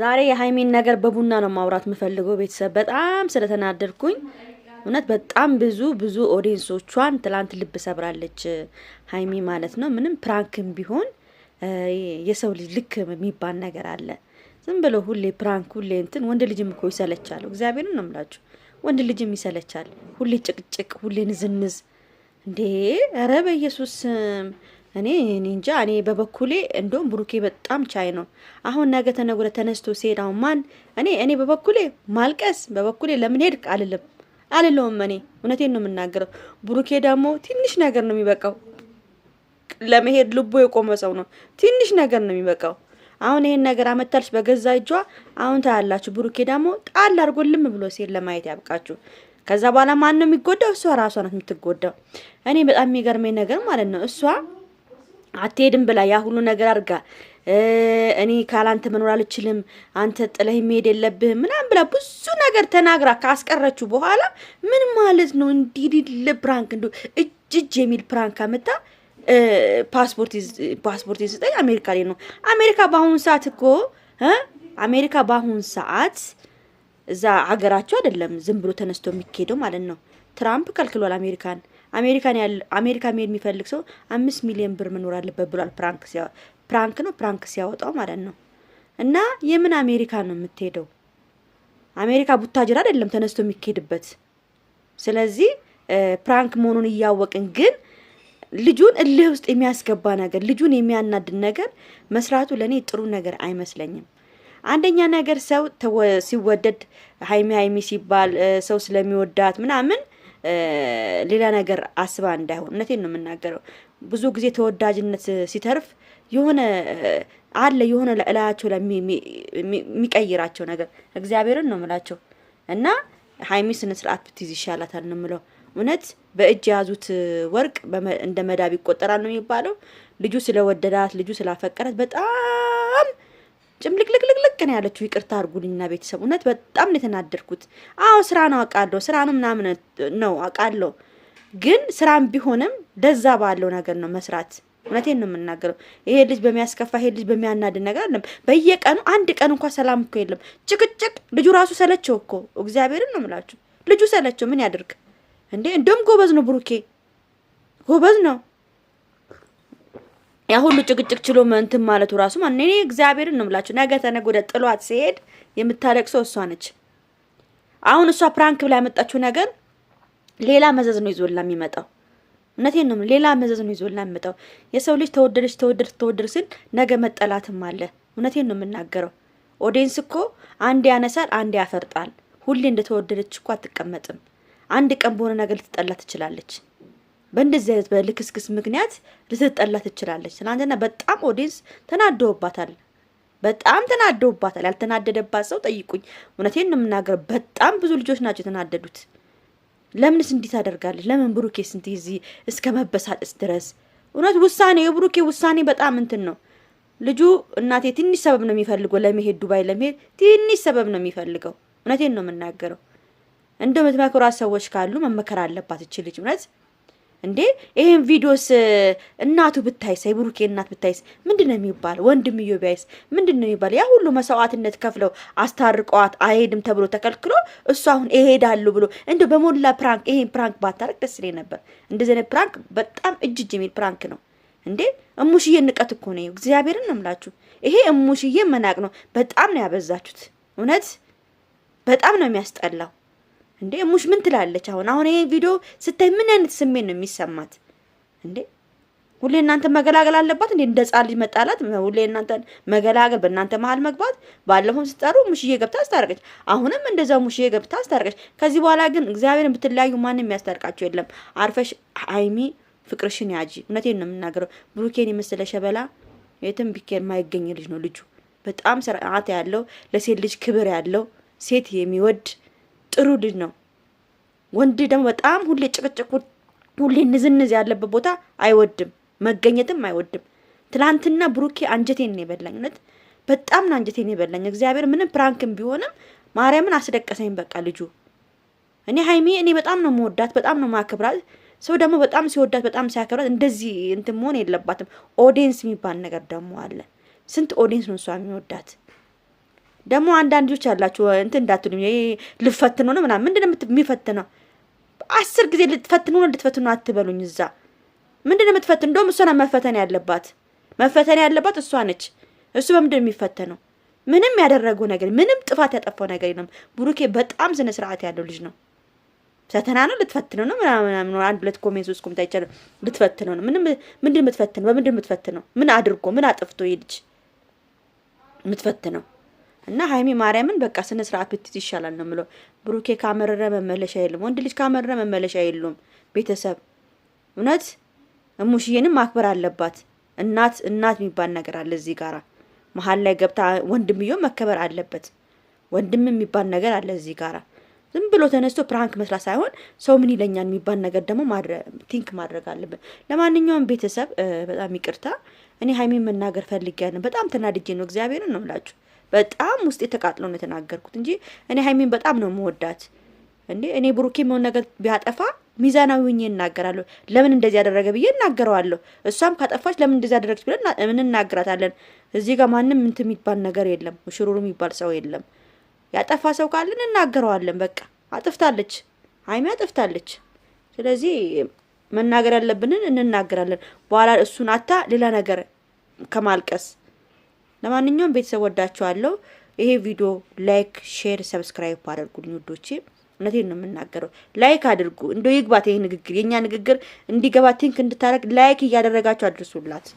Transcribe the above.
ዛሬ የሀይሚን ነገር በቡና ነው ማውራት የምፈልገው። ቤተሰብ በጣም ስለተናደድኩኝ እውነት በጣም ብዙ ብዙ ኦዲየንሶቿን ትላንት ልብ ሰብራለች ሀይሚ ማለት ነው። ምንም ፕራንክም ቢሆን የሰው ልጅ ልክ የሚባል ነገር አለ። ዝም ብሎ ሁሌ ፕራንክ ሁሌ እንትን ወንድ ልጅም እኮ ይሰለቻል። እግዚአብሔርን ነው ምላችሁ፣ ወንድ ልጅም ይሰለቻል። ሁሌ ጭቅጭቅ፣ ሁሌ ንዝንዝ እንዴ! ኧረ በኢየሱስ እኔ እንጃ። እኔ በበኩሌ እንደውም ብሩኬ በጣም ቻይ ነው። አሁን ነገ ተነጉረ ተነስቶ ሲሄዳው አሁን ማን እኔ እኔ በበኩሌ ማልቀስ በበኩሌ ለምን ሄድክ አልልም አልለውም። እኔ እውነቴን ነው የምናገረው። ብሩኬ ደግሞ ትንሽ ነገር ነው የሚበቃው ለመሄድ ልቦ የቆመ ሰው ነው። ትንሽ ነገር ነው የሚበቃው። አሁን ይሄን ነገር አመታልች በገዛ እጇ። አሁን ታያላችሁ። ብሩኬ ደግሞ ጣል አድርጎልም ልም ብሎ ሲሄድ ለማየት ያብቃችሁ። ከዛ በኋላ ማን ነው የሚጎዳው? እሷ ራሷ ናት የምትጎዳው። እኔ በጣም የሚገርመኝ ነገር ማለት ነው እሷ አትሄድም ብላ ያ ሁሉ ነገር አድርጋ እኔ ካላንተ መኖር አልችልም፣ አንተ ጥለህ መሄድ የለብህም ምናምን ብላ ብዙ ነገር ተናግራ ካስቀረችው በኋላ ምን ማለት ነው? እንዲድል ፕራንክ እንዶ እጅ እጅ የሚል ፕራንክ አመጣ። ፓስፖርት ስጠኝ፣ አሜሪካ ላይ ነው። አሜሪካ በአሁኑ ሰዓት እኮ አሜሪካ በአሁኑ ሰዓት እዛ ሀገራቸው አይደለም ዝም ብሎ ተነስቶ የሚካሄደው ማለት ነው። ትራምፕ ከልክሏል አሜሪካን። አሜሪካን ያለ አሜሪካ መሄድ የሚፈልግ ሰው አምስት ሚሊዮን ብር መኖር አለበት ብሏል። ፕራንክ ሲያ ፕራንክ ነው ፕራንክ ሲያወጣው ማለት ነው። እና የምን አሜሪካ ነው የምትሄደው? አሜሪካ ቡታጅራ አይደለም ተነስቶ የሚካሄድበት። ስለዚህ ፕራንክ መሆኑን እያወቅን ግን ልጁን እልህ ውስጥ የሚያስገባ ነገር፣ ልጁን የሚያናድን ነገር መስራቱ ለእኔ ጥሩ ነገር አይመስለኝም። አንደኛ ነገር ሰው ሲወደድ ሀይሚ ሀይሚ ሲባል ሰው ስለሚወዳት ምናምን ሌላ ነገር አስባ እንዳይሆን እውነቴን ነው የምናገረው። ብዙ ጊዜ ተወዳጅነት ሲተርፍ የሆነ አለ የሆነ እላያቸው የሚቀይራቸው ነገር እግዚአብሔርን ነው ምላቸው እና ሀይሚ ስነ ስርዓት ብትይዝ ይሻላታል ነው ምለው። እውነት በእጅ የያዙት ወርቅ እንደ መዳብ ይቆጠራል ነው የሚባለው። ልጁ ስለወደዳት ልጁ ስላፈቀራት በጣም ጭምልቅልቅ ነው ያለችው። ይቅርታ አድርጉልኝና ቤተሰብ እውነት በጣም ነው የተናደድኩት። አዎ ስራ ነው አውቃለሁ፣ ስራ ነው ምናምን ነው አውቃለሁ። ግን ስራም ቢሆንም ለዛ ባለው ነገር ነው መስራት። እውነቴን ነው የምናገረው። ይሄ ልጅ በሚያስከፋ ይሄ ልጅ በሚያናድን ነገር አለም። በየቀኑ አንድ ቀን እንኳ ሰላም እኮ የለም፣ ጭቅጭቅ። ልጁ ራሱ ሰለቸው እኮ እግዚአብሔርን ነው ምላችሁ። ልጁ ሰለቸው ምን ያደርግ እንዴ? እንደውም ጎበዝ ነው ብሩኬ፣ ጎበዝ ነው ያ ሁሉ ጭቅጭቅ ችሎ እንትን ማለቱ ራሱ ማን እኔ እግዚአብሔርን ነው የምላችሁ። ነገ ተነገ ወደ ጥሏት ሲሄድ የምታለቅሰው እሷ ነች። አሁን እሷ ፕራንክ ብላ ያመጣችው ነገር ሌላ መዘዝ ነው ይዞላ የሚመጣው። እውነቴን ነው፣ ሌላ መዘዝ ነው ይዞላ የሚመጣው። የሰው ልጅ ተወደደች ተወደድ ተወደድ ሲል ነገ መጠላትም አለ። እውነቴን ነው የምናገረው። ኦዲየንስ እኮ አንድ ያነሳል፣ አንድ ያፈርጣል። ሁሌ እንደተወደደች እኮ አትቀመጥም። አንድ ቀን በሆነ ነገር ልትጠላ ትችላለች። በእንደዚህ አይነት በልክስክስ ምክንያት ልትጠላ ትችላለች። ትናንትና በጣም ኦዲንስ ተናደውባታል። በጣም ተናደውባታል። ያልተናደደባት ሰው ጠይቁኝ። እውነቴን ነው የምናገር። በጣም ብዙ ልጆች ናቸው የተናደዱት። ለምንስ እንዲህ ታደርጋለች? ለምን ብሩኬ ስንት ጊዜ እስከ መበሳጥስ ድረስ? እውነት ውሳኔ የብሩኬ ውሳኔ በጣም እንትን ነው። ልጁ እናቴ ትንሽ ሰበብ ነው የሚፈልገው ለመሄድ ዱባይ ለመሄድ ትንሽ ሰበብ ነው የሚፈልገው። እውነቴን ነው የምናገረው። እንደ ምትመክሯት ሰዎች ካሉ መመከር አለባት እቺ ልጅ እውነት እንዴ ይሄን ቪዲዮስ እናቱ ብታይስ፣ የብሩኬ እናት ብታይስ ምንድን ነው የሚባለው? ወንድምዮ ቢያይስ ምንድን ነው የሚባለው? ያ ሁሉ መስዋዕትነት ከፍለው አስታርቀዋት አይሄድም ተብሎ ተከልክሎ እሱ አሁን ይሄዳሉ ብሎ እንደ በሞላ ፕራንክ፣ ይሄን ፕራንክ ባታረቅ ደስ ይለኝ ነበር። እንደዚህ አይነት ፕራንክ በጣም እጅጅ የሚል ፕራንክ ነው። እንዴ እሙሽዬ ንቀት እኮ ነው። እግዚአብሔርን ነው የምላችሁ። ይሄ እሙሽዬ መናቅ ነው። በጣም ነው ያበዛችሁት። እውነት በጣም ነው የሚያስጠላው። እንዴ ሙሽ ምን ትላለች አሁን? አሁን ይሄ ቪዲዮ ስታይ ምን አይነት ስሜት ነው የሚሰማት? እንዴ ሁሌ እናንተ መገላገል አለባት እንዴ? እንደ ጻል ልጅ መጣላት፣ ሁሌ እናንተ መገላገል፣ በእናንተ መሀል መግባት። ባለፈው ስጠሩ ሙሽዬ ገብታ አስታረቀች፣ አሁንም እንደዛው ሙሽዬ ገብታ አስታረቀች። ከዚህ በኋላ ግን እግዚአብሔርን ብትለያዩ ማንም ያስታርቃቸው የለም። አርፈሽ አይሚ ፍቅርሽን ያጂ። እውነቴን ነው የምናገረው። ብሩኬን የመሰለ ሸበላ የትም ቢኬር ማይገኝ ልጅ ነው ልጁ። በጣም ስርዓት ያለው ለሴት ልጅ ክብር ያለው ሴት የሚወድ ጥሩ ልጅ ነው። ወንድ ደግሞ በጣም ሁሌ ጭቅጭቅ፣ ሁሌ ንዝንዝ ያለበት ቦታ አይወድም፣ መገኘትም አይወድም። ትላንትና ብሩኬ አንጀቴን ነው የበላኝነት በጣም ነው አንጀቴን የበላኝ። እግዚአብሔር ምንም ፕራንክም ቢሆንም ማርያምን አስደቀሰኝ። በቃ ልጁ እኔ ሀይሜ እኔ በጣም ነው መወዳት፣ በጣም ነው ማክብራት። ሰው ደግሞ በጣም ሲወዳት፣ በጣም ሲያከብራት እንደዚህ እንትን መሆን የለባትም። ኦዲየንስ የሚባል ነገር ደግሞ አለ። ስንት ኦዲየንስ ነው እሷ የሚወዳት ደግሞ አንዳንድ ልጆች ያላችሁ እንትን እንዳትሉ ልፈትኑ ነው ምናምን ምንድን ነው የሚፈትነው? አስር ጊዜ ልትፈትኑ ነው ልትፈትኑ አትበሉኝ። እዛ ምንድን ነው የምትፈትኑ? እንደውም እሷ ናት መፈተን ያለባት መፈተን ያለባት እሷ ነች። እሱ በምንድን ነው የሚፈተነው? ምንም ያደረገው ነገር ምንም ጥፋት ያጠፋው ነገር የለም። ብሩኬ በጣም ስነ ስርዓት ያለው ልጅ ነው። ፈተና ነው ልትፈትነው ነው ምናምን አንድ ሁለት ኮሜንት ሶስት ኮሜንት አይቻልም። ልትፈትነው ነው ምንም ምንድን የምትፈትነው? በምንድን የምትፈትነው? ምን አድርጎ ምን አጥፍቶ ይሄ ልጅ የምትፈትነው? እና ሀይሚ ማርያምን በቃ ስነ ስርዓት ብትይዝ ይሻላል ነው ምለው። ብሩኬ ካመረረ መመለሻ የለም። ወንድ ልጅ ካመረረ መመለሻ የሉም። ቤተሰብ እውነት እሙሽዬንም ማክበር አለባት። እናት እናት የሚባል ነገር አለ እዚህ ጋራ መሀል ላይ ገብታ ወንድምዮ መከበር አለበት። ወንድም የሚባል ነገር አለ እዚህ ጋር ዝም ብሎ ተነስቶ ፕራንክ መስራት ሳይሆን ሰው ምን ይለኛል የሚባል ነገር ደግሞ ቲንክ ማድረግ አለብን። ለማንኛውም ቤተሰብ በጣም ይቅርታ፣ እኔ ሀይሜን መናገር ፈልጌያለሁ። በጣም ተናድጄ ነው እግዚአብሔርን ነው ምላችሁ በጣም ውስጤ ተቃጥሎ ነው የተናገርኩት እንጂ እኔ ሀይሚን በጣም ነው መወዳት። እንዴ እኔ ብሩኬ የሆነ ነገር ቢያጠፋ ሚዛናዊ ሆኜ እናገራለሁ። ለምን እንደዚህ ያደረገ ብዬ እናገረዋለሁ። እሷም ካጠፋች ለምን እንደዚህ ያደረገች ብለን እናገራታለን። እዚህ ጋር ማንም ምንት የሚባል ነገር የለም፣ ሽሩሩ የሚባል ሰው የለም። ያጠፋ ሰው ካለን እናገረዋለን። በቃ አጥፍታለች፣ ሀይሚ አጥፍታለች። ስለዚህ መናገር ያለብንን እንናገራለን። በኋላ እሱን አታ ሌላ ነገር ከማልቀስ ለማንኛውም ቤተሰብ ወዳችኋለሁ። ይሄ ቪዲዮ ላይክ፣ ሼር፣ ሰብስክራይብ አድርጉልኝ ውዶቼ። እውነቴን ነው የምናገረው። ላይክ አድርጉ፣ እንደ ይግባት ይህ ንግግር፣ የእኛ ንግግር እንዲገባ ቲንክ እንድታደረግ ላይክ እያደረጋችሁ አድርሱላት።